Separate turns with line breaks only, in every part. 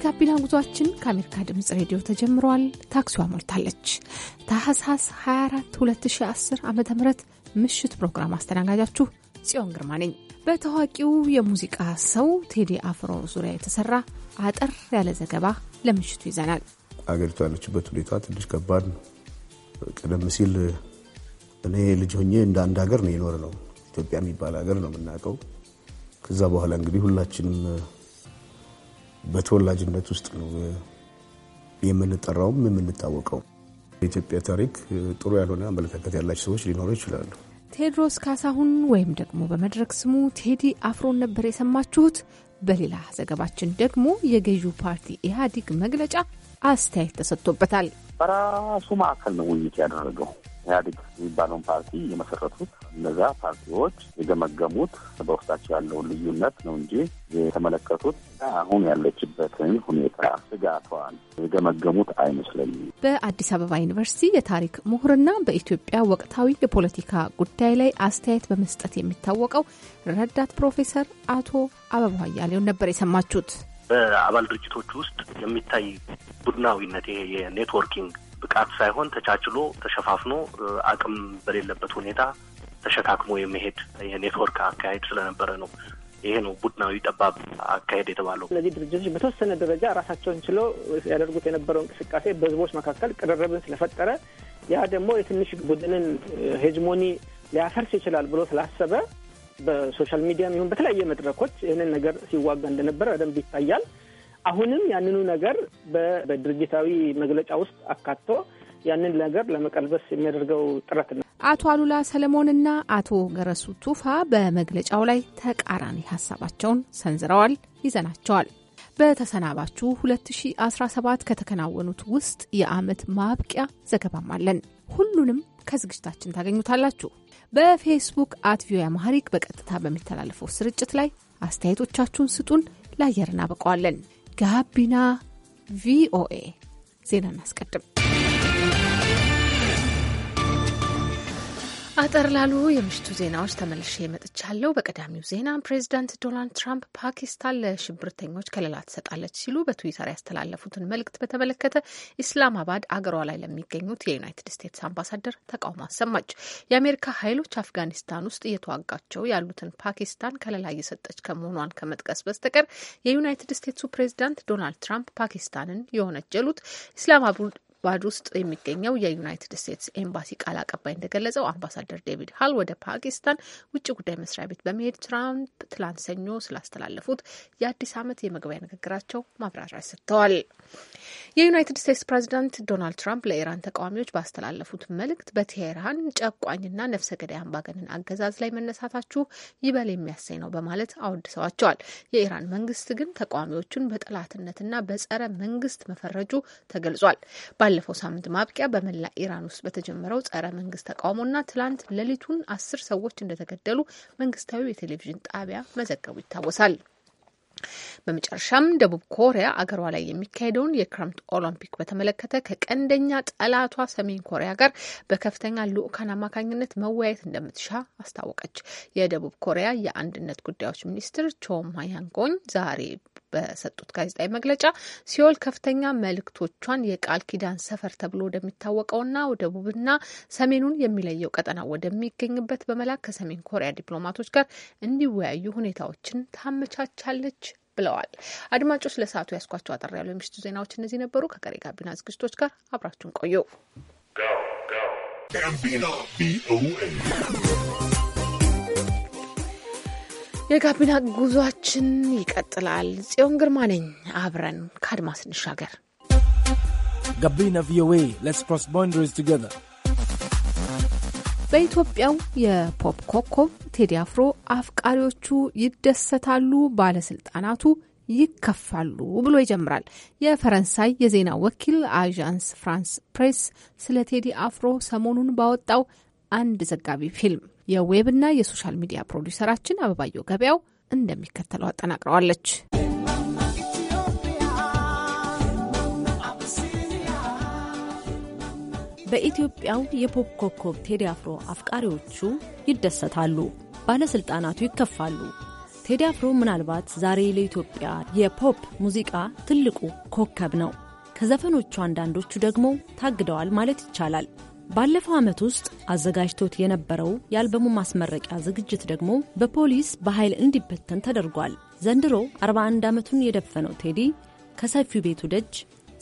የጋቢና ጉዟችን ከአሜሪካ ድምፅ ሬዲዮ ተጀምረዋል። ታክሲዋ ሞልታለች። ታህሳስ 24 2010 ዓ ም ምሽት ፕሮግራም አስተናጋጃችሁ ጽዮን ግርማ ነኝ። በታዋቂው የሙዚቃ ሰው ቴዲ አፍሮ ዙሪያ የተሰራ አጠር ያለ ዘገባ ለምሽቱ ይዘናል።
አገሪቱ ያለችበት ሁኔታ ትንሽ ከባድ ነው። ቀደም ሲል እኔ ልጅ ሆኜ እንደ አንድ ሀገር ነው የኖር ነው ኢትዮጵያ የሚባል ሀገር ነው የምናውቀው። ከዛ በኋላ እንግዲህ ሁላችንም በተወላጅነት ውስጥ ነው የምንጠራውም የምንታወቀው። የኢትዮጵያ ታሪክ ጥሩ ያልሆነ አመለካከት ያላቸው ሰዎች ሊኖሩ ይችላሉ።
ቴዎድሮስ ካሳሁን ወይም ደግሞ በመድረክ ስሙ ቴዲ አፍሮን ነበር የሰማችሁት። በሌላ ዘገባችን ደግሞ የገዢው ፓርቲ ኢህአዲግ መግለጫ አስተያየት ተሰጥቶበታል።
በራሱ ማዕከል ነው ውይይት ያደረገው ኢህአዴግ የሚባለውን ፓርቲ የመሰረቱት እነዛ ፓርቲዎች የገመገሙት በውስጣቸው ያለውን ልዩነት ነው እንጂ የተመለከቱት አሁን ያለችበትን ሁኔታ ስጋቷን የገመገሙት አይመስለኝም።
በአዲስ አበባ ዩኒቨርሲቲ የታሪክ ምሁርና በኢትዮጵያ ወቅታዊ የፖለቲካ ጉዳይ ላይ አስተያየት በመስጠት የሚታወቀው ረዳት ፕሮፌሰር አቶ አበባ አያሌውን ነበር የሰማችሁት።
በአባል ድርጅቶች ውስጥ የሚታይ ቡድናዊነት ይሄ የኔትወርኪንግ ብቃት ሳይሆን ተቻችሎ ተሸፋፍኖ አቅም በሌለበት ሁኔታ ተሸካክሞ የመሄድ የኔትወርክ አካሄድ ስለነበረ ነው። ይሄ ነው ቡድናዊ ጠባብ አካሄድ የተባለው።
እነዚህ ድርጅቶች በተወሰነ ደረጃ ራሳቸውን ችሎ ያደርጉት የነበረው እንቅስቃሴ በህዝቦች መካከል ቅርርብን ስለፈጠረ ያ ደግሞ የትንሽ ቡድንን ሄጅሞኒ ሊያፈርስ ይችላል ብሎ ስላሰበ በሶሻል ሚዲያም ይሁን በተለያየ መድረኮች ይህንን ነገር ሲዋጋ እንደነበረ በደንብ ይታያል። አሁንም ያንኑ ነገር በድርጅታዊ መግለጫ ውስጥ አካቶ ያንን ነገር ለመቀልበስ የሚያደርገው ጥረት ነው።
አቶ አሉላ ሰለሞንና አቶ ገረሱ ቱፋ በመግለጫው ላይ ተቃራኒ ሀሳባቸውን ሰንዝረዋል። ይዘናቸዋል። በተሰናባቹ 2017 ከተከናወኑት ውስጥ የአመት ማብቂያ ዘገባም አለን። ሁሉንም ከዝግጅታችን ታገኙታላችሁ። በፌስቡክ አት ቪኦኤ አማሪክ በቀጥታ በሚተላለፈው ስርጭት ላይ አስተያየቶቻችሁን ስጡን፣ ለአየር እናበቀዋለን። ጋቢና ቪኦኤ ዜና እናስቀድም። አጠር ላሉ የምሽቱ ዜናዎች ተመልሼ መጥቻለሁ። በቀዳሚው ዜና ፕሬዚዳንት ዶናልድ ትራምፕ ፓኪስታን ለሽብርተኞች ከለላ ትሰጣለች ሲሉ በትዊተር ያስተላለፉትን መልእክት በተመለከተ ኢስላማባድ አገሯ ላይ ለሚገኙት የዩናይትድ ስቴትስ አምባሳደር ተቃውሞ አሰማች። የአሜሪካ ኃይሎች አፍጋኒስታን ውስጥ እየተዋጋቸው ያሉትን ፓኪስታን ከለላ እየሰጠች ከመሆኗን ከመጥቀስ በስተቀር የዩናይትድ ስቴትሱ ፕሬዚዳንት ዶናልድ ትራምፕ ፓኪስታንን የወነጀሉት ኢስላማባድ ባድ ውስጥ የሚገኘው የዩናይትድ ስቴትስ ኤምባሲ ቃል አቀባይ እንደገለጸው አምባሳደር ዴቪድ ሃል ወደ ፓኪስታን ውጭ ጉዳይ መስሪያ ቤት በመሄድ ትራምፕ ትላንት ሰኞ ስላስተላለፉት የአዲስ ዓመት የመግቢያ ንግግራቸው ማብራሪያ ሰጥተዋል። የዩናይትድ ስቴትስ ፕሬዚዳንት ዶናልድ ትራምፕ ለኢራን ተቃዋሚዎች ባስተላለፉት መልእክት በቴሄራን ጨቋኝና ነፍሰ ገዳይ አምባገነን አገዛዝ ላይ መነሳታችሁ ይበል የሚያሰኝ ነው በማለት አወድሰዋቸዋል። የኢራን መንግስት ግን ተቃዋሚዎቹን በጠላትነትና በጸረ መንግስት መፈረጁ ተገልጿል። ባለፈው ሳምንት ማብቂያ በመላ ኢራን ውስጥ በተጀመረው ጸረ መንግስት ተቃውሞና ትላንት ሌሊቱን አስር ሰዎች እንደተገደሉ መንግስታዊ የቴሌቪዥን ጣቢያ መዘገቡ ይታወሳል። በመጨረሻም ደቡብ ኮሪያ አገሯ ላይ የሚካሄደውን የክረምት ኦሎምፒክ በተመለከተ ከቀንደኛ ጠላቷ ሰሜን ኮሪያ ጋር በከፍተኛ ልዑካን አማካኝነት መወያየት እንደምትሻ አስታወቀች። የደቡብ ኮሪያ የአንድነት ጉዳዮች ሚኒስትር ቾ ማያንጎኝ ዛሬ በሰጡት ጋዜጣዊ መግለጫ ሲኦል ከፍተኛ መልእክቶቿን የቃል ኪዳን ሰፈር ተብሎ ወደሚታወቀውና ደቡብና ሰሜኑን የሚለየው ቀጠና ወደሚገኝበት በመላክ ከሰሜን ኮሪያ ዲፕሎማቶች ጋር እንዲወያዩ ሁኔታዎችን ታመቻቻለች ብለዋል። አድማጮች ለሰዓቱ ያስኳቸው አጠር ያሉ የምሽቱ ዜናዎች እነዚህ ነበሩ። ከቀሪ ጋቢና ዝግጅቶች ጋር አብራችሁን ቆዩ። የጋቢና ጉዟችን ይቀጥላል። ጽዮን ግርማ ነኝ። አብረን ከአድማስ እንሻገር።
ጋቢና ቪኦኤ ሌትስ ክሮስ
ቦንደሪስ ቱጌዘር።
በኢትዮጵያው የፖፕ ኮከብ ቴዲ አፍሮ አፍቃሪዎቹ ይደሰታሉ፣ ባለስልጣናቱ ይከፋሉ ብሎ ይጀምራል። የፈረንሳይ የዜና ወኪል አዣንስ ፍራንስ ፕሬስ ስለ ቴዲ አፍሮ ሰሞኑን ባወጣው አንድ ዘጋቢ ፊልም የዌብና የሶሻል ሚዲያ ፕሮዲውሰራችን አበባየው ገበያው እንደሚከተለው አጠናቅረዋለች።
በኢትዮጵያው የፖፕ ኮከብ ቴዲ አፍሮ አፍቃሪዎቹ ይደሰታሉ፣ ባለሥልጣናቱ ይከፋሉ። ቴዲ አፍሮ ምናልባት ዛሬ ለኢትዮጵያ የፖፕ ሙዚቃ ትልቁ ኮከብ ነው። ከዘፈኖቹ አንዳንዶቹ ደግሞ ታግደዋል ማለት ይቻላል። ባለፈው ዓመት ውስጥ አዘጋጅቶት የነበረው የአልበሙ ማስመረቂያ ዝግጅት ደግሞ በፖሊስ በኃይል እንዲበተን ተደርጓል። ዘንድሮ 41 ዓመቱን የደፈነው ቴዲ ከሰፊው ቤቱ ደጅ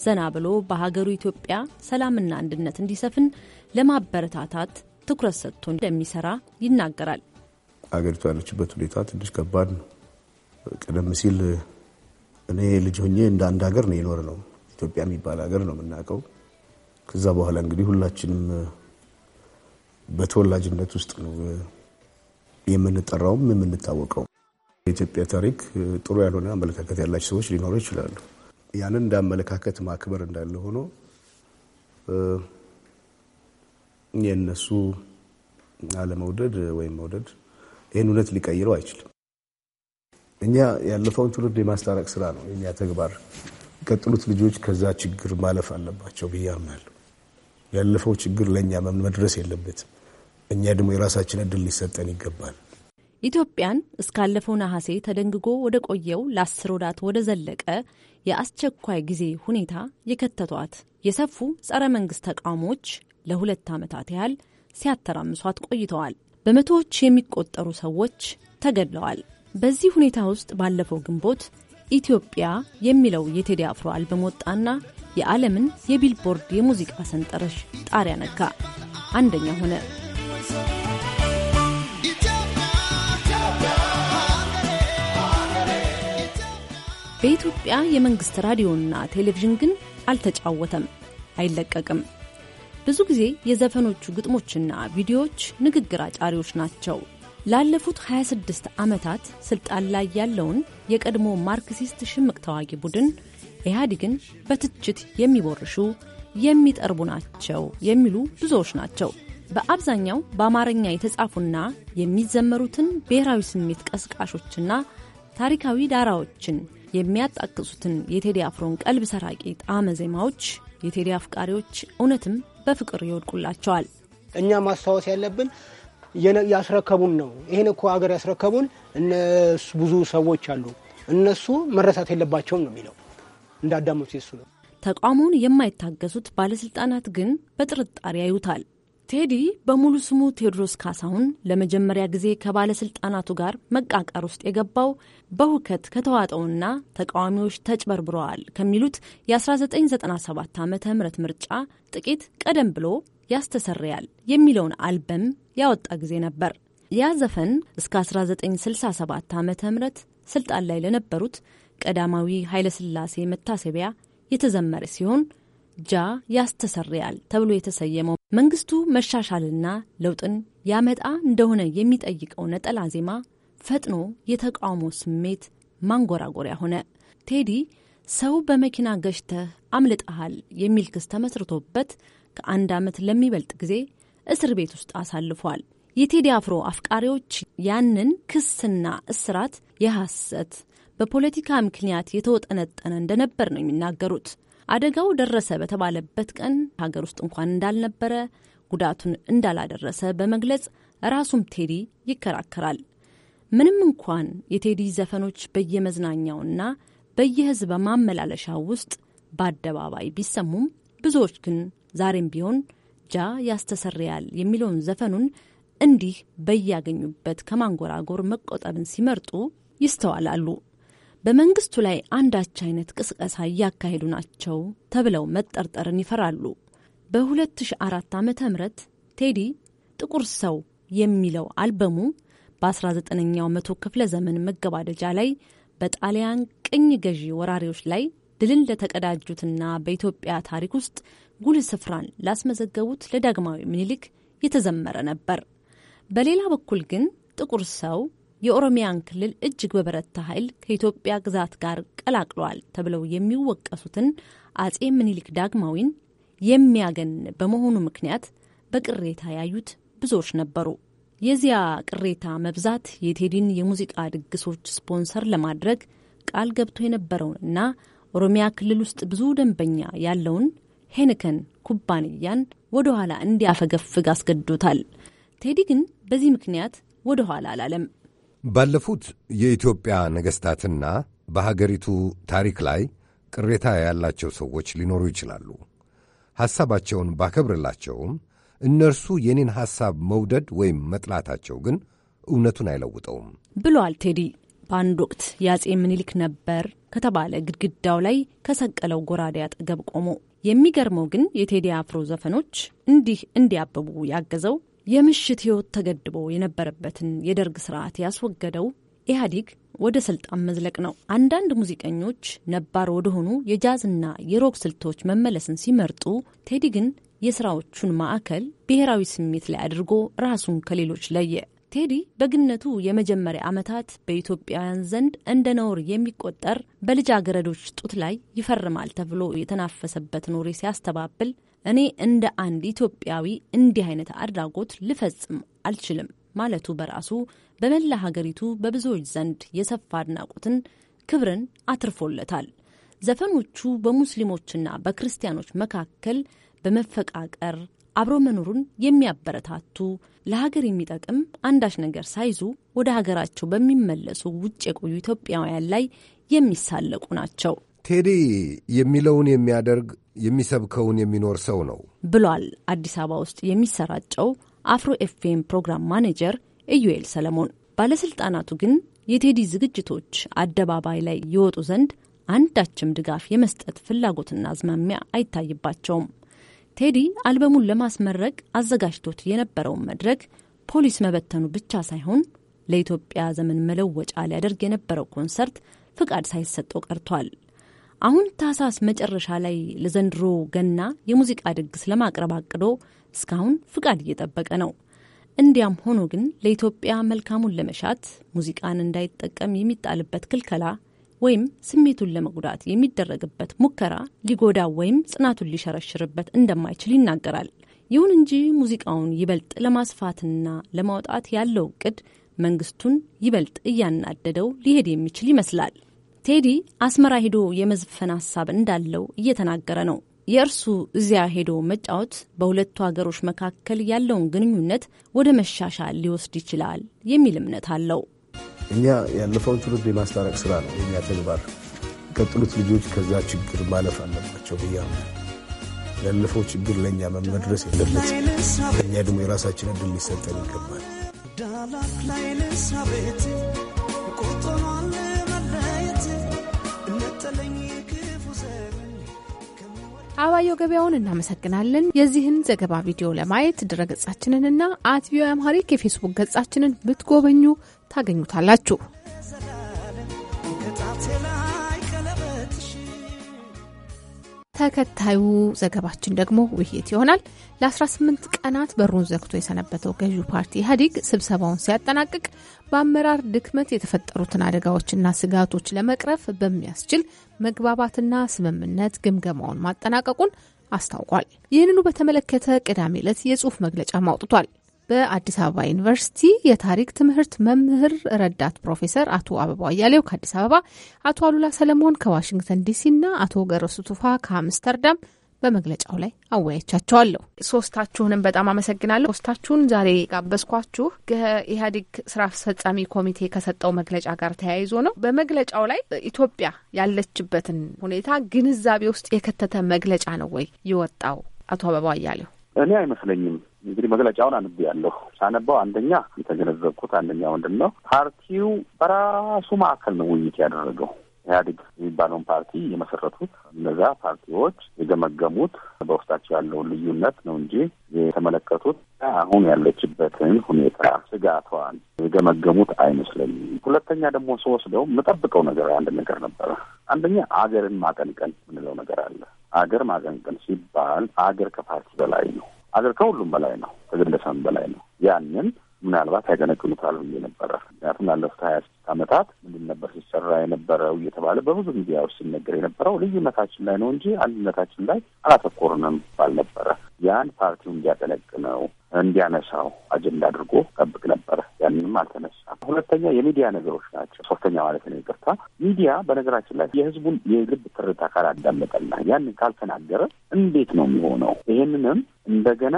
ዘና ብሎ በሀገሩ ኢትዮጵያ ሰላምና አንድነት እንዲሰፍን ለማበረታታት ትኩረት ሰጥቶ እንደሚሰራ ይናገራል።
አገሪቱ ያለችበት ሁኔታ ትንሽ ከባድ ነው። ቀደም ሲል እኔ ልጅ ሆኜ እንደ አንድ ሀገር ነው የኖር ነው። ኢትዮጵያ የሚባል ሀገር ነው የምናውቀው ከዛ በኋላ እንግዲህ ሁላችንም በተወላጅነት ውስጥ ነው የምንጠራውም የምንታወቀው። የኢትዮጵያ ታሪክ ጥሩ ያልሆነ አመለካከት ያላቸው ሰዎች ሊኖሩ ይችላሉ። ያንን እንደ አመለካከት ማክበር እንዳለ ሆኖ የእነሱ አለመውደድ ወይም መውደድ ይህን እውነት ሊቀይረው አይችልም። እኛ ያለፈውን ትውልድ የማስታረቅ ስራ ነው የኛ ተግባር። የቀጥሉት ልጆች ከዛ ችግር ማለፍ አለባቸው ብዬ አምናለሁ። ያለፈው ችግር ለእኛ መድረስ የለበትም። እኛ ደግሞ የራሳችን እድል ሊሰጠን ይገባል።
ኢትዮጵያን እስካለፈው ነሐሴ ተደንግጎ ወደ ቆየው ለአስር ወራት ወደ ዘለቀ የአስቸኳይ ጊዜ ሁኔታ የከተቷት የሰፉ ጸረ መንግስት ተቃውሞዎች ለሁለት ዓመታት ያህል ሲያተራምሷት ቆይተዋል። በመቶዎች የሚቆጠሩ ሰዎች ተገድለዋል። በዚህ ሁኔታ ውስጥ ባለፈው ግንቦት ኢትዮጵያ የሚለው የቴዲ አፍሮ አልበም ወጣና የዓለምን የቢልቦርድ የሙዚቃ ሰንጠረዥ ጣሪያ ነካ፣ አንደኛ ሆነ። በኢትዮጵያ የመንግሥት ራዲዮና ቴሌቪዥን ግን አልተጫወተም፣ አይለቀቅም። ብዙ ጊዜ የዘፈኖቹ ግጥሞችና ቪዲዮዎች ንግግር አጫሪዎች ናቸው። ላለፉት 26 ዓመታት ስልጣን ላይ ያለውን የቀድሞ ማርክሲስት ሽምቅ ተዋጊ ቡድን ኢህአዴግን በትችት የሚቦርሹ የሚጠርቡ ናቸው የሚሉ ብዙዎች ናቸው። በአብዛኛው በአማርኛ የተጻፉና የሚዘመሩትን ብሔራዊ ስሜት ቀስቃሾችና ታሪካዊ ዳራዎችን የሚያጣቅሱትን የቴዲ አፍሮን ቀልብ ሰራቂ ጣዕመ ዜማዎች የቴዲ አፍቃሪዎች እውነትም በፍቅር ይወድቁላቸዋል። እኛ ማስታወስ ያለብን ያስረከቡን ነው። ይህን እኮ
አገር ያስረከቡን እነሱ ብዙ ሰዎች አሉ፣ እነሱ መረሳት የለባቸውም ነው የሚለው እንዳዳመጡ የሱ ነው።
ተቃውሞውን የማይታገሱት ባለስልጣናት ግን በጥርጣሬ ያዩታል። ቴዲ በሙሉ ስሙ ቴዎድሮስ ካሳሁን ለመጀመሪያ ጊዜ ከባለስልጣናቱ ጋር መቃቃር ውስጥ የገባው በሁከት ከተዋጠውና ተቃዋሚዎች ተጭበርብረዋል ከሚሉት የ1997 ዓ ም ምርጫ ጥቂት ቀደም ብሎ ያስተሰርያል የሚለውን አልበም ያወጣ ጊዜ ነበር። ያ ዘፈን እስከ 1967 ዓ ም ስልጣን ላይ ለነበሩት ቀዳማዊ ኃይለሥላሴ መታሰቢያ የተዘመረ ሲሆን ጃ ያስተሰርያል ተብሎ የተሰየመው መንግስቱ መሻሻልና ለውጥን ያመጣ እንደሆነ የሚጠይቀው ነጠላ ዜማ ፈጥኖ የተቃውሞ ስሜት ማንጎራጎሪያ ሆነ። ቴዲ ሰው በመኪና ገጭተህ አምልጠሃል የሚል ክስ ተመስርቶበት ከአንድ ዓመት ለሚበልጥ ጊዜ እስር ቤት ውስጥ አሳልፏል። የቴዲ አፍሮ አፍቃሪዎች ያንን ክስና እስራት የሐሰት በፖለቲካ ምክንያት የተወጠነጠነ እንደነበር ነው የሚናገሩት። አደጋው ደረሰ በተባለበት ቀን ሀገር ውስጥ እንኳን እንዳልነበረ፣ ጉዳቱን እንዳላደረሰ በመግለጽ ራሱም ቴዲ ይከራከራል። ምንም እንኳን የቴዲ ዘፈኖች በየመዝናኛውና በየህዝብ ማመላለሻ ውስጥ በአደባባይ ቢሰሙም ብዙዎች ግን ዛሬም ቢሆን ጃ ያስተሰርያል የሚለውን ዘፈኑን እንዲህ በያገኙበት ከማንጎራጎር መቆጠብን ሲመርጡ ይስተዋላሉ። በመንግስቱ ላይ አንዳች አይነት ቅስቀሳ እያካሄዱ ናቸው ተብለው መጠርጠርን ይፈራሉ። በ2004 ዓ ም ቴዲ ጥቁር ሰው የሚለው አልበሙ በ19ኛው መቶ ክፍለ ዘመን መገባደጃ ላይ በጣሊያን ቅኝ ገዢ ወራሪዎች ላይ ድልን ለተቀዳጁትና በኢትዮጵያ ታሪክ ውስጥ ጉልህ ስፍራን ላስመዘገቡት ለዳግማዊ ምኒልክ የተዘመረ ነበር። በሌላ በኩል ግን ጥቁር ሰው የኦሮሚያን ክልል እጅግ በበረታ ኃይል ከኢትዮጵያ ግዛት ጋር ቀላቅለዋል ተብለው የሚወቀሱትን አጼ ምኒልክ ዳግማዊን የሚያገን በመሆኑ ምክንያት በቅሬታ ያዩት ብዙዎች ነበሩ። የዚያ ቅሬታ መብዛት የቴዲን የሙዚቃ ድግሶች ስፖንሰር ለማድረግ ቃል ገብቶ የነበረውንና ኦሮሚያ ክልል ውስጥ ብዙ ደንበኛ ያለውን ሄንከን ኩባንያን ወደ ኋላ እንዲያፈገፍግ አስገድዶታል። ቴዲ ግን በዚህ ምክንያት ወደ ኋላ አላለም።
ባለፉት የኢትዮጵያ ነገሥታትና በሀገሪቱ ታሪክ ላይ ቅሬታ ያላቸው ሰዎች ሊኖሩ ይችላሉ። ሐሳባቸውን ባከብርላቸውም እነርሱ የኔን ሐሳብ መውደድ ወይም መጥላታቸው ግን እውነቱን አይለውጠውም
ብሏል ቴዲ። በአንድ ወቅት የአጼ ምኒልክ ነበር ከተባለ ግድግዳው ላይ ከሰቀለው ጎራዴ አጠገብ ቆሞ የሚገርመው ግን የቴዲ አፍሮ ዘፈኖች እንዲህ እንዲያብቡ ያገዘው የምሽት ህይወት ተገድቦ የነበረበትን የደርግ ስርዓት ያስወገደው ኢህአዲግ ወደ ስልጣን መዝለቅ ነው። አንዳንድ ሙዚቀኞች ነባር ወደሆኑ የጃዝና የሮክ ስልቶች መመለስን ሲመርጡ፣ ቴዲ ግን የስራዎቹን ማዕከል ብሔራዊ ስሜት ላይ አድርጎ ራሱን ከሌሎች ለየ። ቴዲ በግነቱ የመጀመሪያ ዓመታት በኢትዮጵያውያን ዘንድ እንደ ነውር የሚቆጠር በልጃገረዶች ጡት ላይ ይፈርማል ተብሎ የተናፈሰበት ኖሬ ሲያስተባብል እኔ እንደ አንድ ኢትዮጵያዊ እንዲህ አይነት አድራጎት ልፈጽም አልችልም ማለቱ በራሱ በመላ ሀገሪቱ በብዙዎች ዘንድ የሰፋ አድናቆትን፣ ክብርን አትርፎለታል። ዘፈኖቹ በሙስሊሞችና በክርስቲያኖች መካከል በመፈቃቀር አብሮ መኖሩን የሚያበረታቱ ለሀገር የሚጠቅም አንዳች ነገር ሳይዙ ወደ ሀገራቸው በሚመለሱ ውጭ የቆዩ ኢትዮጵያውያን ላይ የሚሳለቁ ናቸው።
ቴዲ የሚለውን የሚያደርግ የሚሰብከውን የሚኖር ሰው ነው
ብሏል። አዲስ አበባ ውስጥ የሚሰራጨው አፍሮ ኤፍኤም ፕሮግራም ማኔጀር ኢዩኤል ሰለሞን። ባለስልጣናቱ ግን የቴዲ ዝግጅቶች አደባባይ ላይ ይወጡ ዘንድ አንዳችም ድጋፍ የመስጠት ፍላጎትና አዝማሚያ አይታይባቸውም። ቴዲ አልበሙን ለማስመረቅ አዘጋጅቶት የነበረውን መድረክ ፖሊስ መበተኑ ብቻ ሳይሆን ለኢትዮጵያ ዘመን መለወጫ ሊያደርግ የነበረው ኮንሰርት ፍቃድ ሳይሰጠው ቀርቷል። አሁን ታህሳስ መጨረሻ ላይ ለዘንድሮ ገና የሙዚቃ ድግስ ለማቅረብ አቅዶ እስካሁን ፍቃድ እየጠበቀ ነው። እንዲያም ሆኖ ግን ለኢትዮጵያ መልካሙን ለመሻት ሙዚቃን እንዳይጠቀም የሚጣልበት ክልከላ ወይም ስሜቱን ለመጉዳት የሚደረግበት ሙከራ ሊጎዳ ወይም ጽናቱን ሊሸረሽርበት እንደማይችል ይናገራል። ይሁን እንጂ ሙዚቃውን ይበልጥ ለማስፋትና ለማውጣት ያለው እቅድ መንግስቱን ይበልጥ እያናደደው ሊሄድ የሚችል ይመስላል። ቴዲ አስመራ ሄዶ የመዝፈን ሀሳብ እንዳለው እየተናገረ ነው። የእርሱ እዚያ ሄዶ መጫወት በሁለቱ ሀገሮች መካከል ያለውን ግንኙነት ወደ መሻሻል ሊወስድ ይችላል የሚል እምነት አለው።
እኛ ያለፈውን ትውልድ የማስታረቅ ስራ ነው የኛ ተግባር። የቀጥሉት ልጆች ከዛ ችግር ማለፍ አለባቸው ብያ ያለፈው ችግር ለእኛ መድረስ የለበት። እኛ ደግሞ የራሳችን እድል ሊሰጠን ይገባል።
አባየው ገበያውን እናመሰግናለን። የዚህን ዘገባ ቪዲዮ ለማየት ድረገጻችንንና አት ቪኦ አምሃሪክ የፌስቡክ ገጻችንን ብትጎበኙ ታገኙታላችሁ። ተከታዩ ዘገባችን ደግሞ ውይይት ይሆናል። ለ18 ቀናት በሩን ዘግቶ የሰነበተው ገዢው ፓርቲ ኢህአዴግ ስብሰባውን ሲያጠናቅቅ በአመራር ድክመት የተፈጠሩትን አደጋዎችና ስጋቶች ለመቅረፍ በሚያስችል መግባባትና ስምምነት ግምገማውን ማጠናቀቁን አስታውቋል። ይህንኑ በተመለከተ ቅዳሜ ዕለት የጽሁፍ መግለጫ አውጥቷል። በአዲስ አበባ ዩኒቨርሲቲ የታሪክ ትምህርት መምህር ረዳት ፕሮፌሰር አቶ አበባ አያሌው ከአዲስ አበባ፣ አቶ አሉላ ሰለሞን ከዋሽንግተን ዲሲ እና አቶ ገረሱ ቱፋ ከአምስተርዳም በመግለጫው ላይ አወያቻቸዋለሁ። ሶስታችሁንም በጣም አመሰግናለሁ። ሶስታችሁን ዛሬ ጋበዝኳችሁ ከኢህአዴግ ስራ አስፈጻሚ ኮሚቴ ከሰጠው መግለጫ ጋር ተያይዞ ነው። በመግለጫው ላይ ኢትዮጵያ ያለችበትን ሁኔታ ግንዛቤ ውስጥ የከተተ መግለጫ ነው ወይ የወጣው? አቶ አበባ አያሌው፣
እኔ አይመስለኝም። እንግዲህ መግለጫውን ያለሁ ሳነባው አንደኛ የተገነዘብኩት አንደኛ ምንድን ነው ፓርቲው በራሱ ማዕከል ነው ውይይት ያደረገው ኢህአዴግ የሚባለውን ፓርቲ የመሰረቱት እነዛ ፓርቲዎች የገመገሙት በውስጣቸው ያለውን ልዩነት ነው እንጂ የተመለከቱት አሁን ያለችበትን ሁኔታ ስጋቷን የገመገሙት አይመስለኝም። ሁለተኛ ደግሞ ስወስደው የምጠብቀው ነገር አንድ ነገር ነበረ። አንደኛ አገርን ማቀንቀን የምንለው ነገር አለ። አገር ማቀንቀን ሲባል አገር ከፓርቲ በላይ ነው። አገር ከሁሉም በላይ ነው። ከግለሰብም በላይ ነው። ያንን ምናልባት ያቀነቅሉታል ብዬ ነበረ። ምክንያቱም ላለፉት ሀያ ስድስት ዓመታት ምንድን ነበር ሲሰራ የነበረው እየተባለ በብዙ ሚዲያዎች ሲነገር የነበረው ልዩነታችን ላይ ነው እንጂ አንድነታችን ላይ አላተኮርንም ነበረ። ያን ፓርቲው እንዲያጠነቅነው እንዲያነሳው አጀንዳ አድርጎ ጠብቅ ነበረ። ያንንም አልተነሳም። ሁለተኛ የሚዲያ ነገሮች ናቸው። ሶስተኛ ማለት ነው ይቅርታ ሚዲያ በነገራችን ላይ የህዝቡን የልብ ትርታ ካላዳመጠና ያንን ካልተናገረ እንዴት ነው የሚሆነው? ይህንንም እንደገና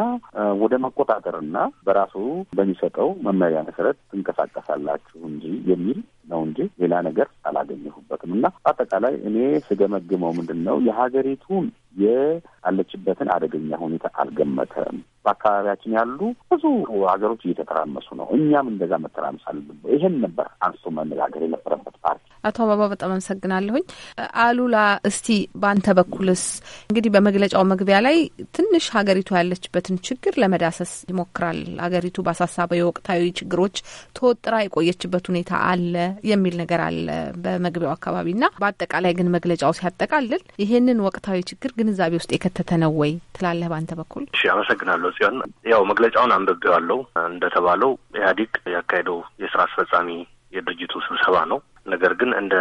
ወደ መቆጣጠርና በራሱ በሚሰጠው መመሪያ መሰረት ትንቀሳቀሳላችሁ እንጂ የሚል ነው እንጂ ሌላ ነገር አላገኘሁበትም። እና አጠቃላይ እኔ ስገመግመው ምንድን ነው የሀገሪቱን የአለችበትን አደገኛ ሁኔታ አልገመተም። በአካባቢያችን ያሉ ብዙ ሀገሮች እየተተራመሱ ነው። እኛም እንደዛ መተራመስ አለብን። ይህን ነበር አንስቶ መነጋገር የነበረበት ፓርቲ።
አቶ አበባ በጣም አመሰግናለሁኝ። አሉላ፣ እስቲ በአንተ በኩልስ እንግዲህ በመግለጫው መግቢያ ላይ ትንሽ ሀገሪቱ ያለችበትን ችግር ለመዳሰስ ይሞክራል። ሀገሪቱ በአሳሳበ የወቅታዊ ችግሮች ተወጥራ የቆየችበት ሁኔታ አለ የሚል ነገር አለ በመግቢያው አካባቢ እና በአጠቃላይ ግን መግለጫው ሲያጠቃልል ይህንን ወቅታዊ ችግር ግንዛቤ ውስጥ የከተተ ነው ወይ ትላለህ በአንተ በኩል?
አመሰግናለሁ። ሲሆን ያው መግለጫውን አንብቤዋለሁ። እንደተባለው ኢህአዲግ ያካሄደው የስራ አስፈጻሚ የድርጅቱ ስብሰባ ነው። ነገር ግን እንደ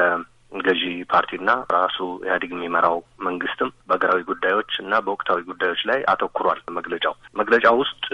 ገዢ ፓርቲና ራሱ ኢህአዴግ የሚመራው መንግስትም በሀገራዊ ጉዳዮች እና በወቅታዊ ጉዳዮች ላይ አተኩሯል። መግለጫው መግለጫ ውስጥ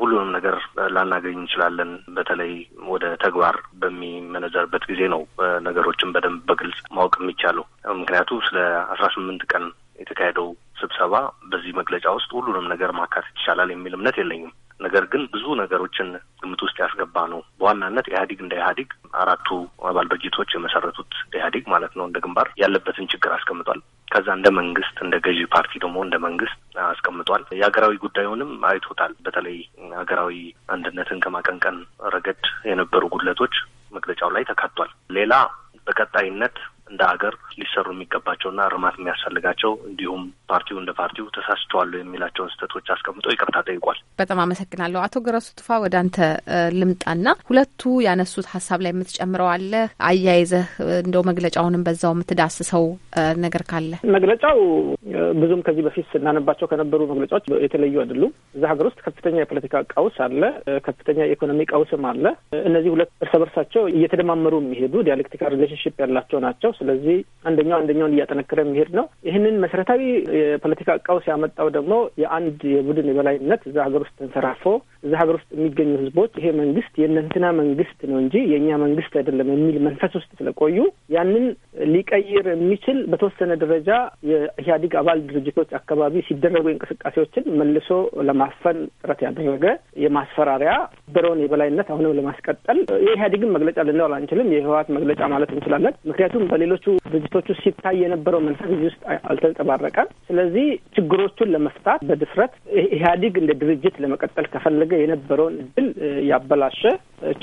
ሁሉንም ነገር ላናገኝ እንችላለን። በተለይ ወደ ተግባር በሚመነዘርበት ጊዜ ነው ነገሮችን በደንብ በግልጽ ማወቅ የሚቻለው። ምክንያቱ ስለ አስራ ስምንት ቀን የተካሄደው ስብሰባ በዚህ መግለጫ ውስጥ ሁሉንም ነገር ማካተት ይቻላል የሚል እምነት የለኝም። ነገር ግን ብዙ ነገሮችን ግምት ውስጥ ያስገባ ነው። በዋናነት ኢህአዲግ እንደ ኢህአዲግ አራቱ አባል ድርጅቶች የመሰረቱት ኢህአዲግ ማለት ነው እንደ ግንባር ያለበትን ችግር አስቀምጧል። ከዛ እንደ መንግስት እንደ ገዢ ፓርቲ ደግሞ እንደ መንግስት አስቀምጧል። የሀገራዊ ጉዳዩንም አይቶታል። በተለይ ሀገራዊ አንድነትን ከማቀንቀን ረገድ የነበሩ ጉድለቶች መግለጫው ላይ ተካቷል። ሌላ በቀጣይነት እንደ ሀገር ሊሰሩ የሚገባቸውና እርማት የሚያስፈልጋቸው እንዲሁም ፓርቲው እንደ ፓርቲው ተሳስተዋል የሚላቸውን ስህተቶች አስቀምጦ ይቅርታ ጠይቋል።
በጣም አመሰግናለሁ። አቶ ገረሱ ቱፋ ወደ አንተ ልምጣና ሁለቱ ያነሱት ሀሳብ ላይ የምትጨምረው አለ አያይዘህ እንደው መግለጫውንም በዛው የምትዳስሰው ነገር ካለ
መግለጫው ብዙም ከዚህ በፊት ስናነባቸው ከነበሩ መግለጫዎች የተለዩ አይደሉም። እዛ ሀገር ውስጥ ከፍተኛ የፖለቲካ ቀውስ አለ፣ ከፍተኛ የኢኮኖሚ ቀውስም አለ። እነዚህ ሁለት እርስ በርሳቸው እየተደማመሩ የሚሄዱ ዲያሌክቲካል ሪሌሽንሽፕ ያላቸው ናቸው። ስለዚህ አንደኛው አንደኛውን እያጠነከረ የሚሄድ ነው። ይህንን መሰረታዊ የፖለቲካ ቀውስ ያመጣው ደግሞ የአንድ የቡድን የበላይነት እዛ ሀገር ውስጥ ተንሰራፎ እዛ ሀገር ውስጥ የሚገኙ ህዝቦች ይሄ መንግስት የእነንትና መንግስት ነው እንጂ የእኛ መንግስት አይደለም የሚል መንፈስ ውስጥ ስለቆዩ ያንን ሊቀይር የሚችል በተወሰነ ደረጃ የኢህአዴግ አባል ድርጅቶች አካባቢ ሲደረጉ እንቅስቃሴዎችን መልሶ ለማፈን ጥረት ያደረገ የማስፈራሪያ ብረውን የበላይነት አሁንም ለማስቀጠል የኢህአዴግን መግለጫ ልንል አንችልም፣ የህወሀት መግለጫ ማለት እንችላለን። ምክንያቱም በሌሎቹ ድርጅቶች ውስጥ ሲታይ የነበረው መንፈስ እዚህ ውስጥ አልተንጸባረቀም። ስለዚህ ችግሮቹን ለመፍታት በድፍረት ኢህአዲግ እንደ ድርጅት ለመቀጠል ከፈለገ የነበረውን እድል ያበላሸ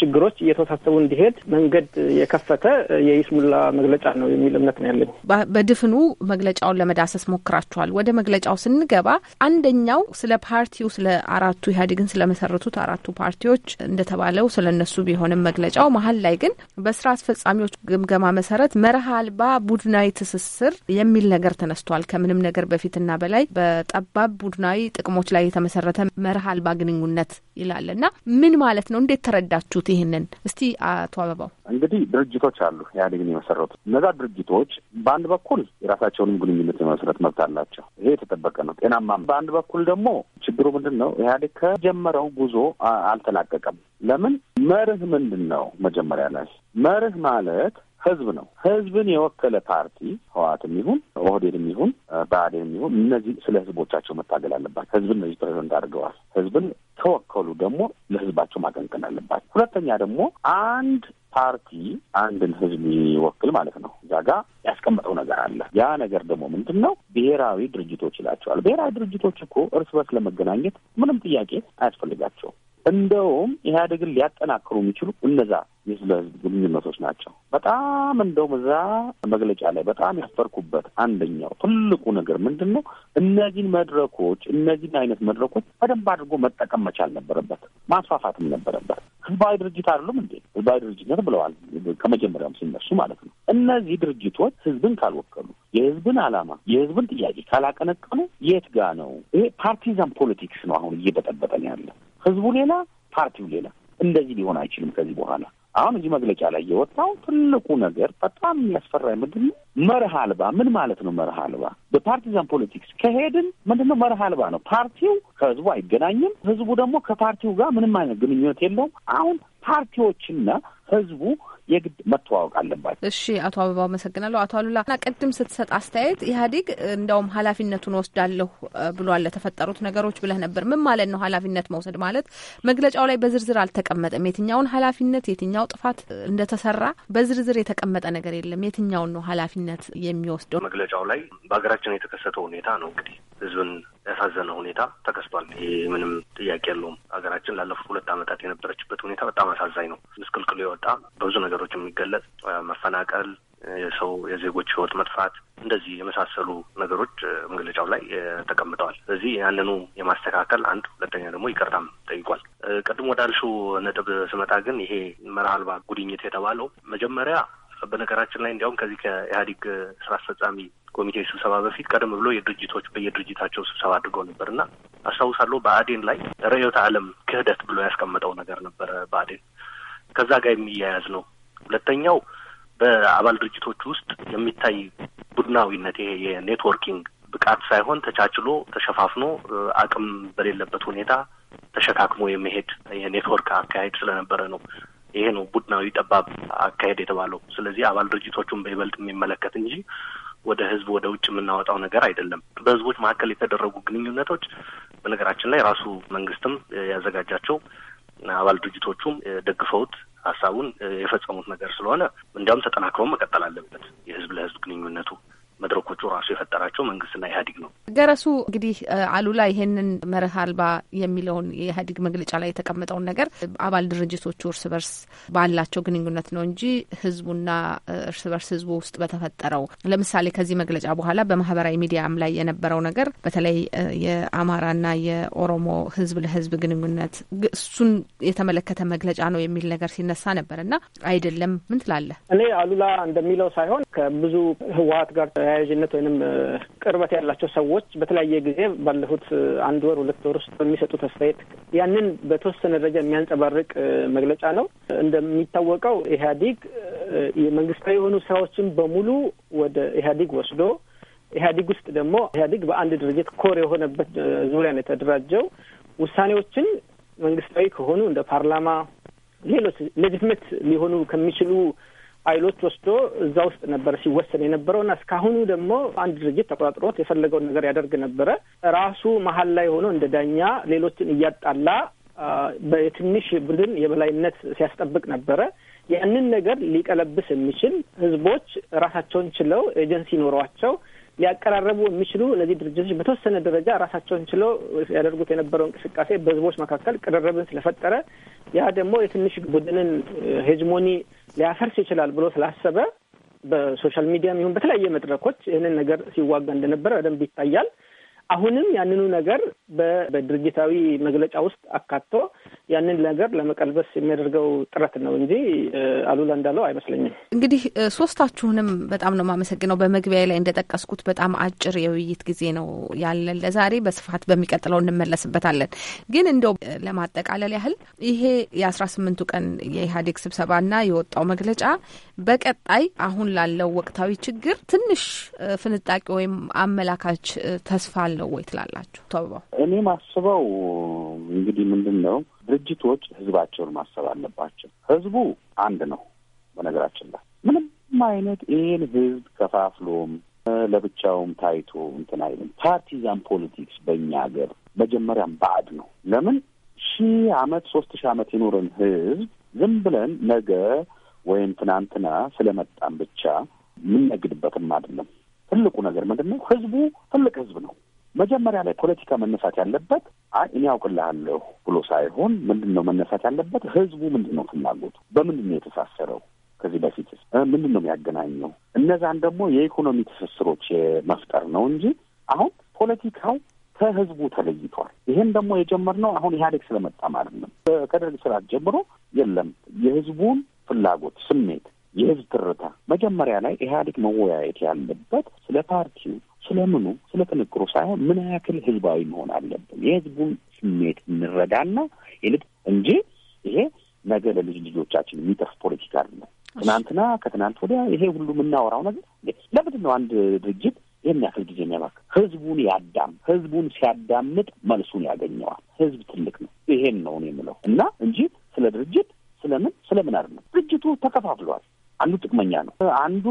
ችግሮች እየተወሳሰቡ እንዲሄድ መንገድ የከፈተ የይስሙላ መግለጫ ነው የሚል እምነት ነው ያለኝ።
በድፍኑ መግለጫውን ለመዳሰስ ሞክራችኋል። ወደ መግለጫው ስንገባ አንደኛው ስለ ፓርቲው ስለ አራቱ ኢህአዴግን ስለመሰረቱት አራቱ ፓርቲዎች እንደተባለው ስለ እነሱ ቢሆንም መግለጫው መሀል ላይ ግን በስራ አስፈጻሚዎች ግምገማ መሰረት መርህ አልባ ቡድናዊ ትስስር የሚል ነገር ተነስቷል። ከምንም ነገር በፊትና በላይ በጠባብ ቡድናዊ ጥቅሞች ላይ የተመሰረተ መርህ አልባ ግንኙነት ይላል እና ምን ማለት ነው? እንዴት ተረዳችሁት ይህንን? እስቲ አቶ አበባው።
እንግዲህ ድርጅቶች አሉ ኢህአዴግን የመሰረቱ እነዛ ድርጅቶች በአንድ በኩል የራሳቸውንም ግንኙነት የመሰረት መብት አላቸው። ይሄ የተጠበቀ ነው፣ ጤናማ። በአንድ በኩል ደግሞ ችግሩ ምንድን ነው? ኢህአዴግ ከጀመረው ጉዞ አልተላቀቀም። ለምን መርህ ምንድን ነው? መጀመሪያ ላይ መርህ ማለት ህዝብ ነው። ህዝብን የወከለ ፓርቲ ህወሓትም ይሁን ኦህዴድም ይሁን ብአዴንም ይሁን እነዚህ ስለ ህዝቦቻቸው መታገል አለባቸው። ህዝብን እነዚህ ፕሬዚደንት አድርገዋል። ህዝብን ተወከሉ ደግሞ ለህዝባቸው ማቀንቀን አለባቸው። ሁለተኛ ደግሞ አንድ ፓርቲ አንድን ህዝብ ይወክል ማለት ነው። እዛ ጋ ያስቀመጠው ነገር አለ። ያ ነገር ደግሞ ምንድን ነው? ብሔራዊ ድርጅቶች ይላቸዋል። ብሔራዊ ድርጅቶች እኮ እርስ በርስ ለመገናኘት ምንም ጥያቄ አያስፈልጋቸውም። እንደውም ኢህአዴግን ሊያጠናክሩ የሚችሉ እነዛ የህዝብ ለህዝብ ግንኙነቶች ናቸው። በጣም እንደውም እዛ መግለጫ ላይ በጣም ያፈርኩበት አንደኛው ትልቁ ነገር ምንድን ነው? እነዚህን መድረኮች እነዚህን አይነት መድረኮች በደንብ አድርጎ መጠቀም መቻል ነበረበት፣ ማስፋፋትም ነበረበት። ህዝባዊ ድርጅት አይደሉም እንዴ? ህዝባዊ ድርጅትነት ብለዋል ከመጀመሪያውም ሲነሱ ማለት ነው። እነዚህ ድርጅቶች ህዝብን ካልወከሉ፣ የህዝብን አላማ የህዝብን ጥያቄ ካላቀነቀኑ የት ጋ ነው? ይሄ ፓርቲዛን ፖለቲክስ ነው አሁን እየበጠበጠን ያለ ህዝቡ ሌላ፣ ፓርቲው ሌላ። እንደዚህ ሊሆን አይችልም ከዚህ በኋላ። አሁን እዚህ መግለጫ ላይ የወጣው ትልቁ ነገር በጣም የሚያስፈራ ምንድን ነው? መርህ አልባ። ምን ማለት ነው መርህ አልባ? በፓርቲዛን ፖለቲክስ ከሄድን ምንድን ነው መርህ አልባ ነው። ፓርቲው ከህዝቡ አይገናኝም፣ ህዝቡ ደግሞ ከፓርቲው ጋር ምንም አይነት ግንኙነት የለውም። አሁን ፓርቲዎችና ህዝቡ የግድ መተዋወቅ አለባቸው።
እሺ፣ አቶ አበባው አመሰግናለሁ። አቶ አሉላ እና ቅድም ስትሰጥ አስተያየት ኢህአዴግ እንዲያውም ኃላፊነቱን ወስዳለሁ ብሏል ለተፈጠሩት ነገሮች ብለህ ነበር። ምን ማለት ነው ኃላፊነት መውሰድ ማለት? መግለጫው ላይ በዝርዝር አልተቀመጠም። የትኛውን ኃላፊነት የትኛው ጥፋት እንደተሰራ በዝርዝር የተቀመጠ ነገር የለም። የትኛውን ነው ኃላፊነት የሚወስደው? መግለጫው
ላይ በሀገራችን የተከሰተው ሁኔታ ነው እንግዲህ ህዝብን ያሳዘነ ሁኔታ ተከስቷል። ይህ ምንም ጥያቄ የለውም። ሀገራችን ላለፉት ሁለት ዓመታት የነበረችበት ሁኔታ በጣም አሳዛኝ ነው። ምስቅልቅሉ የወጣ በብዙ ነገሮች የሚገለጽ መፈናቀል፣ የሰው የዜጎች ህይወት መጥፋት እንደዚህ የመሳሰሉ ነገሮች መግለጫው ላይ ተቀምጠዋል። ስለዚህ ያንኑ የማስተካከል አንድ፣ ሁለተኛ ደግሞ ይቅርታም ጠይቋል። ቅድም ወዳልሽው ነጥብ ስመጣ ግን ይሄ መርህ አልባ ጉድኝት የተባለው መጀመሪያ በነገራችን ላይ እንዲያውም ከዚህ ከኢህአዴግ ስራ አስፈጻሚ ኮሚቴ ስብሰባ በፊት ቀደም ብሎ የድርጅቶች በየድርጅታቸው ስብሰባ አድርገው ነበር እና አስታውሳለሁ በአዴን ላይ ርዕዮተ ዓለም ክህደት ብሎ ያስቀመጠው ነገር ነበረ። በአዴን ከዛ ጋር የሚያያዝ ነው። ሁለተኛው በአባል ድርጅቶች ውስጥ የሚታይ ቡድናዊነት ይሄ የኔትወርኪንግ ብቃት ሳይሆን ተቻችሎ ተሸፋፍኖ አቅም በሌለበት ሁኔታ ተሸካክሞ የመሄድ የኔትወርክ አካሄድ ስለነበረ ነው። ይሄ ነው ቡድናዊ ጠባብ አካሄድ የተባለው። ስለዚህ አባል ድርጅቶቹን በይበልጥ የሚመለከት እንጂ ወደ ህዝብ ወደ ውጭ የምናወጣው ነገር አይደለም። በህዝቦች መካከል የተደረጉ ግንኙነቶች በነገራችን ላይ ራሱ መንግስትም ያዘጋጃቸው አባል ድርጅቶቹም ደግፈውት ሀሳቡን የፈጸሙት ነገር ስለሆነ እንዲያውም ተጠናክሮ መቀጠል አለበት። የህዝብ ለህዝብ ግንኙነቱ መድረኮቹ ራሱ የፈጠራቸው መንግስትና ኢህአዴግ ነው።
ገረሱ እንግዲህ አሉላ ይሄንን መርህ አልባ የሚለውን የኢህአዴግ መግለጫ ላይ የተቀመጠውን ነገር አባል ድርጅቶቹ እርስ በርስ ባላቸው ግንኙነት ነው እንጂ ህዝቡና እርስ በርስ ህዝቡ ውስጥ በተፈጠረው ለምሳሌ ከዚህ መግለጫ በኋላ በማህበራዊ ሚዲያም ላይ የነበረው ነገር በተለይ የአማራና የኦሮሞ ህዝብ ለህዝብ ግንኙነት እሱን የተመለከተ መግለጫ ነው የሚል ነገር ሲነሳ ነበር እና አይደለም። ምን ትላለህ?
እኔ አሉላ እንደሚለው ሳይሆን ከብዙ ህወሀት ጋር ተያያዥነት ወይንም ቅርበት ያላቸው ሰዎች ሰዎች በተለያየ ጊዜ ባለፉት አንድ ወር ሁለት ወር ውስጥ በሚሰጡት አስተያየት ያንን በተወሰነ ደረጃ የሚያንጸባርቅ መግለጫ ነው። እንደሚታወቀው ኢህአዲግ መንግስታዊ የሆኑ ስራዎችን በሙሉ ወደ ኢህአዲግ ወስዶ ኢህአዲግ ውስጥ ደግሞ ኢህአዲግ በአንድ ድርጅት ኮር የሆነበት ዙሪያ ነው የተደራጀው። ውሳኔዎችን መንግስታዊ ከሆኑ እንደ ፓርላማ ሌሎች ሌጅትመት ሊሆኑ ከሚችሉ ኃይሎች ወስዶ እዛ ውስጥ ነበረ ሲወሰን የነበረውና እስካሁኑ ደግሞ አንድ ድርጅት ተቆጣጥሮት የፈለገውን ነገር ያደርግ ነበረ። ራሱ መሀል ላይ ሆኖ እንደ ዳኛ ሌሎችን እያጣላ በትንሽ ቡድን የበላይነት ሲያስጠብቅ ነበረ። ያንን ነገር ሊቀለብስ የሚችል ህዝቦች ራሳቸውን ችለው ኤጀንሲ ኖሯቸው ሊያቀራረቡ የሚችሉ እነዚህ ድርጅቶች በተወሰነ ደረጃ ራሳቸውን ችለው ያደርጉት የነበረው እንቅስቃሴ በህዝቦች መካከል ቅርርብን ስለፈጠረ ያ ደግሞ የትንሽ ቡድንን ሄጅሞኒ ሊያፈርስ ይችላል ብሎ ስላሰበ በሶሻል ሚዲያም ይሁን በተለያየ መድረኮች ይህንን ነገር ሲዋጋ እንደነበረ በደንብ ይታያል። አሁንም ያንኑ ነገር በድርጅታዊ መግለጫ ውስጥ አካቶ ያንን ነገር ለመቀልበስ የሚያደርገው ጥረት ነው እንጂ አሉላ እንዳለው አይመስለኝም።
እንግዲህ ሶስታችሁንም በጣም ነው የማመሰግነው። በመግቢያ ላይ እንደጠቀስኩት በጣም አጭር የውይይት ጊዜ ነው ያለን ለዛሬ። በስፋት በሚቀጥለው እንመለስበታለን። ግን እንደው ለማጠቃለል ያህል ይሄ የአስራ ስምንቱ ቀን የኢህአዴግ ስብሰባና የወጣው መግለጫ በቀጣይ አሁን ላለው ወቅታዊ ችግር ትንሽ ፍንጣቂ ወይም አመላካች ተስፋ ነው ወይ ትላላችሁ? ተብባው
እኔ ማስበው እንግዲህ ምንድን ነው ድርጅቶች ህዝባቸውን ማሰብ አለባቸው። ህዝቡ አንድ ነው። በነገራችን ላይ ምንም አይነት ይህን ህዝብ ከፋፍሎም ለብቻውም ታይቶ እንትን አይልም። ፓርቲዛን ፖለቲክስ በእኛ ሀገር መጀመሪያም ባዕድ ነው። ለምን ሺህ አመት ሶስት ሺህ አመት የኖረን ህዝብ ዝም ብለን ነገ ወይም ትናንትና ስለመጣም ብቻ የምንነግድበትም አይደለም። ትልቁ ነገር ምንድን ነው? ህዝቡ ትልቅ ህዝብ ነው። መጀመሪያ ላይ ፖለቲካ መነሳት ያለበት አይ እኔ ያውቅልሃለሁ ብሎ ሳይሆን ምንድን ነው መነሳት ያለበት ህዝቡ ምንድን ነው ፍላጎቱ፣ በምንድን ነው የተሳሰረው፣ ከዚህ በፊት ምንድን ነው የሚያገናኘው፣ እነዛን ደግሞ የኢኮኖሚ ትስስሮች መፍጠር ነው እንጂ አሁን ፖለቲካው ከህዝቡ ተለይቷል። ይህን ደግሞ የጀመርነው አሁን ኢህአዴግ ስለመጣ አይደለም። ከደርግ ስርዓት ጀምሮ የለም የህዝቡን ፍላጎት ስሜት፣ የህዝብ ትርታ መጀመሪያ ላይ ኢህአዴግ መወያየት ያለበት ስለ ፓርቲው ስለምኑ ስለ ጥንቅሩ ሳይሆን ምን ያክል ህዝባዊ መሆን አለብን፣ የህዝቡን ስሜት እንረዳና ይልቅ እንጂ ይሄ ነገ ለልጅ ልጆቻችን የሚጠፍ ፖለቲካ አለ ትናንትና ከትናንት ወዲያ ይሄ ሁሉ የምናወራው ነገር ለምንድን ነው? አንድ ድርጅት ይህን ያክል ጊዜ የሚያባክ ህዝቡን ያዳም ህዝቡን ሲያዳምጥ መልሱን ያገኘዋል። ህዝብ ትልቅ ነው። ይሄን ነው እኔ የምለው እና እንጂ ስለ ድርጅት ስለምን ስለምን አይደለም። ድርጅቱ ተከፋፍሏል። አንዱ ጥቅመኛ ነው፣ አንዱ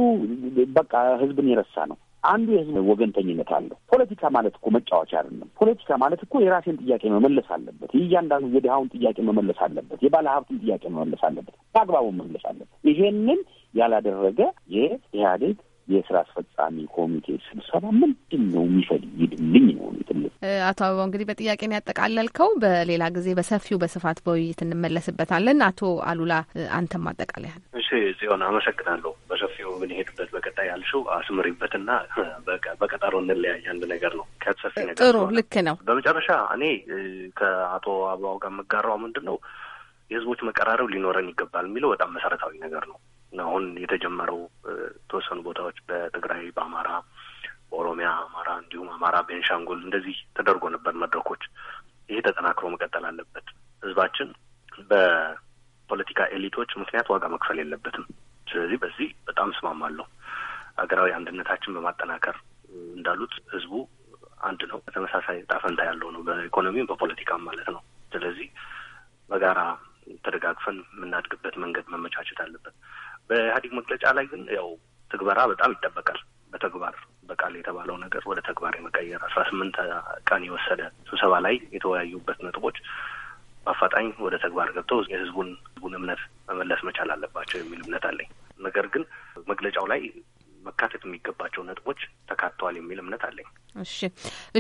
በቃ ህዝብን የረሳ ነው። አንዱ የህዝብ ወገንተኝነት አለው። ፖለቲካ ማለት እኮ መጫወቻ አይደለም። ፖለቲካ ማለት እኮ የራሴን ጥያቄ መመለስ አለበት። የእያንዳንዱ የድሃውን ጥያቄ መመለስ አለበት። የባለ ሀብቱን ጥያቄ መመለስ አለበት። በአግባቡ መመለስ አለበት። ይሄንን ያላደረገ የኢህአዴግ የስራ አስፈጻሚ ኮሚቴ ስብሰባ ምንድን ነው የሚፈልግልኝ ነው
አቶ አበባው እንግዲህ በጥያቄ ነው ያጠቃለልከው። በሌላ ጊዜ በሰፊው በስፋት በውይይት እንመለስበታለን። አቶ አሉላ አንተም አጠቃለያል
ጽዮን አመሰግናለሁ። በሰፊው የምንሄድበት በቀጣይ ያልሽው አስምሪበትና በቀጠሮ እንለያይ አንድ ነገር ነው ከሰፊ ነገር ጥሩ ልክ ነው። በመጨረሻ እኔ ከአቶ አበባው ጋር የምጋራው ምንድን ነው የህዝቦች መቀራረብ ሊኖረን ይገባል የሚለው በጣም መሰረታዊ ነገር ነው። አሁን የተጀመረው የተወሰኑ ቦታዎች በትግራይ፣ በአማራ፣ በኦሮሚያ አማራ እንዲሁም አማራ ቤንሻንጉል እንደዚህ ተደርጎ ነበር መድረኮች። ይሄ ተጠናክሮ መቀጠል አለበት። ህዝባችን በ የፖለቲካ ኤሊቶች ምክንያት ዋጋ መክፈል የለበትም። ስለዚህ በዚህ በጣም እስማማለሁ። ሀገራዊ አንድነታችን በማጠናከር እንዳሉት ህዝቡ አንድ ነው፣ ተመሳሳይ ዕጣ ፈንታ ያለው ነው፣ በኢኮኖሚም በፖለቲካም ማለት ነው። ስለዚህ በጋራ ተደጋግፈን የምናድግበት መንገድ መመቻቸት አለበት። በኢህአዴግ መግለጫ ላይ ግን ያው ትግበራ በጣም ይጠበቃል። በተግባር በቃል የተባለው ነገር ወደ ተግባር የመቀየር አስራ ስምንት ቀን የወሰደ ስብሰባ ላይ የተወያዩበት ነጥቦች በአፋጣኝ ወደ ተግባር ገብተው የህዝቡን ያላቸውን እምነት መመለስ መቻል አለባቸው የሚል እምነት አለኝ። ነገር ግን መግለጫው ላይ መካተት የሚገባቸው ነጥቦች ተካተዋል የሚል እምነት
አለኝ። እሺ፣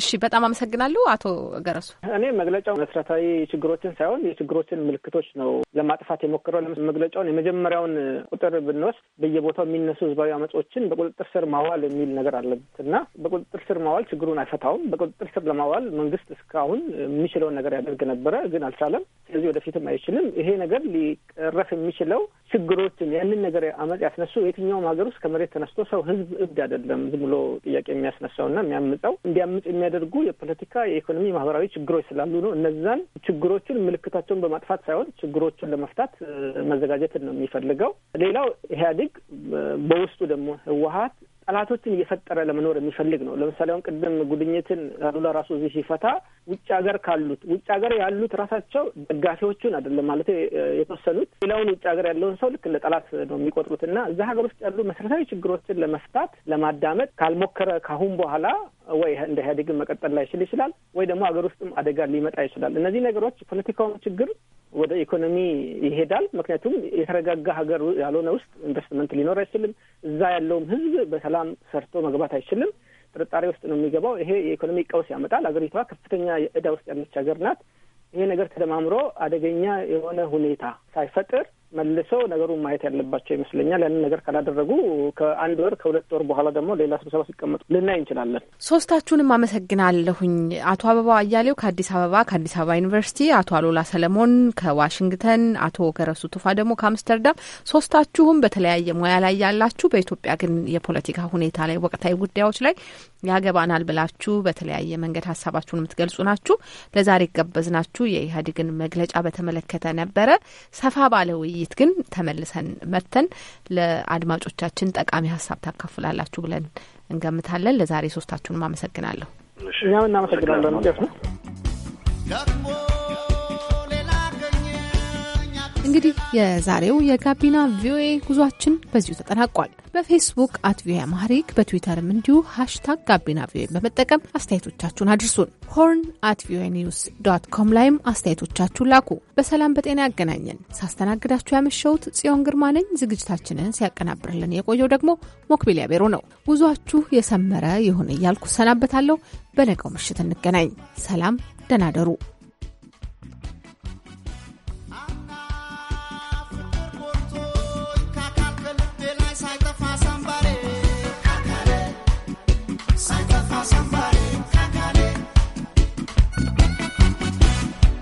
እሺ፣ በጣም አመሰግናለሁ አቶ ገረሱ። እኔ መግለጫው መሰረታዊ
ችግሮችን ሳይሆን የችግሮችን ምልክቶች ነው ለማጥፋት የሞከረው መግለጫውን የመጀመሪያውን ቁጥር ብንወስድ በየቦታው የሚነሱ ህዝባዊ አመጾችን በቁጥጥር ስር ማዋል የሚል ነገር አለበት እና በቁጥጥር ስር ማዋል ችግሩን አይፈታውም። በቁጥጥር ስር ለማዋል መንግስት እስካሁን የሚችለውን ነገር ያደርግ ነበረ፣ ግን አልቻለም። ስለዚህ ወደፊትም አይችልም። ይሄ ነገር ሊቀረፍ የሚችለው ችግሮችን ያንን ነገር አመፅ ያስነሱ የትኛውም ሀገር ውስጥ ከመሬት ተነስቶ ሰው ህዝብ እብድ አይደለም ዝም ብሎ ጥያቄ የሚያስነሳውና የሚያምፀው እንዲያምጽ የሚያደርጉ የፖለቲካ የኢኮኖሚ፣ ማህበራዊ ችግሮች ስላሉ ነው። እነዛን ችግሮችን ምልክታቸውን በማጥፋት ሳይሆን ችግሮች ችግሮችን ለመፍታት መዘጋጀትን ነው የሚፈልገው። ሌላው ኢህአዴግ በውስጡ ደግሞ ህወሀት ጠላቶችን እየፈጠረ ለመኖር የሚፈልግ ነው። ለምሳሌ አሁን ቅድም ጉድኝትን አሉላ ራሱ እዚህ ሲፈታ ውጭ ሀገር ካሉት ውጭ ሀገር ያሉት ራሳቸው ደጋፊዎቹን አይደለም ማለት የተወሰኑት ሌላውን ውጭ ሀገር ያለውን ሰው ልክ እንደ ጠላት ነው የሚቆጥሩት እና እዛ ሀገር ውስጥ ያሉ መሰረታዊ ችግሮችን ለመፍታት ለማዳመጥ ካልሞከረ ካሁን በኋላ ወይ እንደ ኢህአዴግን መቀጠል ላይችል ይችላል ወይ ደግሞ ሀገር ውስጥም አደጋ ሊመጣ ይችላል። እነዚህ ነገሮች ፖለቲካውን ችግር ወደ ኢኮኖሚ ይሄዳል። ምክንያቱም የተረጋጋ ሀገር ያልሆነ ውስጥ ኢንቨስትመንት ሊኖር አይችልም። እዛ ያለውም ህዝብ በሰላም ሰርቶ መግባት አይችልም። ጥርጣሬ ውስጥ ነው የሚገባው። ይሄ የኢኮኖሚ ቀውስ ያመጣል። ሀገሪቷ ከፍተኛ እዳ ውስጥ ያለች ሀገር ናት። ይሄ ነገር ተደማምሮ አደገኛ የሆነ ሁኔታ ሳይፈጥር መልሰው ነገሩን ማየት ያለባቸው ይመስለኛል። ያንን ነገር ካላደረጉ ከአንድ ወር ከሁለት ወር በኋላ ደግሞ ሌላ ስብሰባ ሲቀመጡ ልናይ እንችላለን።
ሶስታችሁንም አመሰግናለሁኝ። አቶ አበባ አያሌው ከአዲስ አበባ ከአዲስ አበባ ዩኒቨርሲቲ፣ አቶ አሎላ ሰለሞን ከዋሽንግተን፣ አቶ ገረሱ ቱፋ ደግሞ ከአምስተርዳም። ሶስታችሁም በተለያየ ሙያ ላይ ያላችሁ በኢትዮጵያ ግን የፖለቲካ ሁኔታ ላይ ወቅታዊ ጉዳዮች ላይ ያገባናል ብላችሁ በተለያየ መንገድ ሀሳባችሁን የምትገልጹ ናችሁ። ለዛሬ ጋበዝናችሁ የኢህአዴግን መግለጫ በተመለከተ ነበረ። ሰፋ ባለ ውይይት ግን ተመልሰን መጥተን ለአድማጮቻችን ጠቃሚ ሀሳብ ታካፍላላችሁ ብለን እንገምታለን። ለዛሬ ሶስታችሁንም አመሰግናለሁ። እኛም
እናመሰግናለን።
እንግዲህ የዛሬው የጋቢና ቪኦኤ ጉዟችን በዚሁ ተጠናቋል። በፌስቡክ አት ቪኦኤ አማሪክ በትዊተርም እንዲሁ ሃሽታግ ጋቢና ቪኦኤ በመጠቀም አስተያየቶቻችሁን አድርሱን። ሆርን አት ቪኦኤ ኒውስ ዶት ኮም ላይም አስተያየቶቻችሁን ላኩ። በሰላም በጤና ያገናኘን። ሳስተናግዳችሁ ያመሸሁት ጽዮን ግርማ ነኝ። ዝግጅታችንን ሲያቀናብርልን የቆየው ደግሞ ሞክቢሊያ ቤሮ ነው። ጉዟችሁ የሰመረ ይሁን እያልኩ ሰናበታለሁ። በነገው ምሽት እንገናኝ። ሰላም፣ ደናደሩ። ደሩ።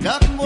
Nothing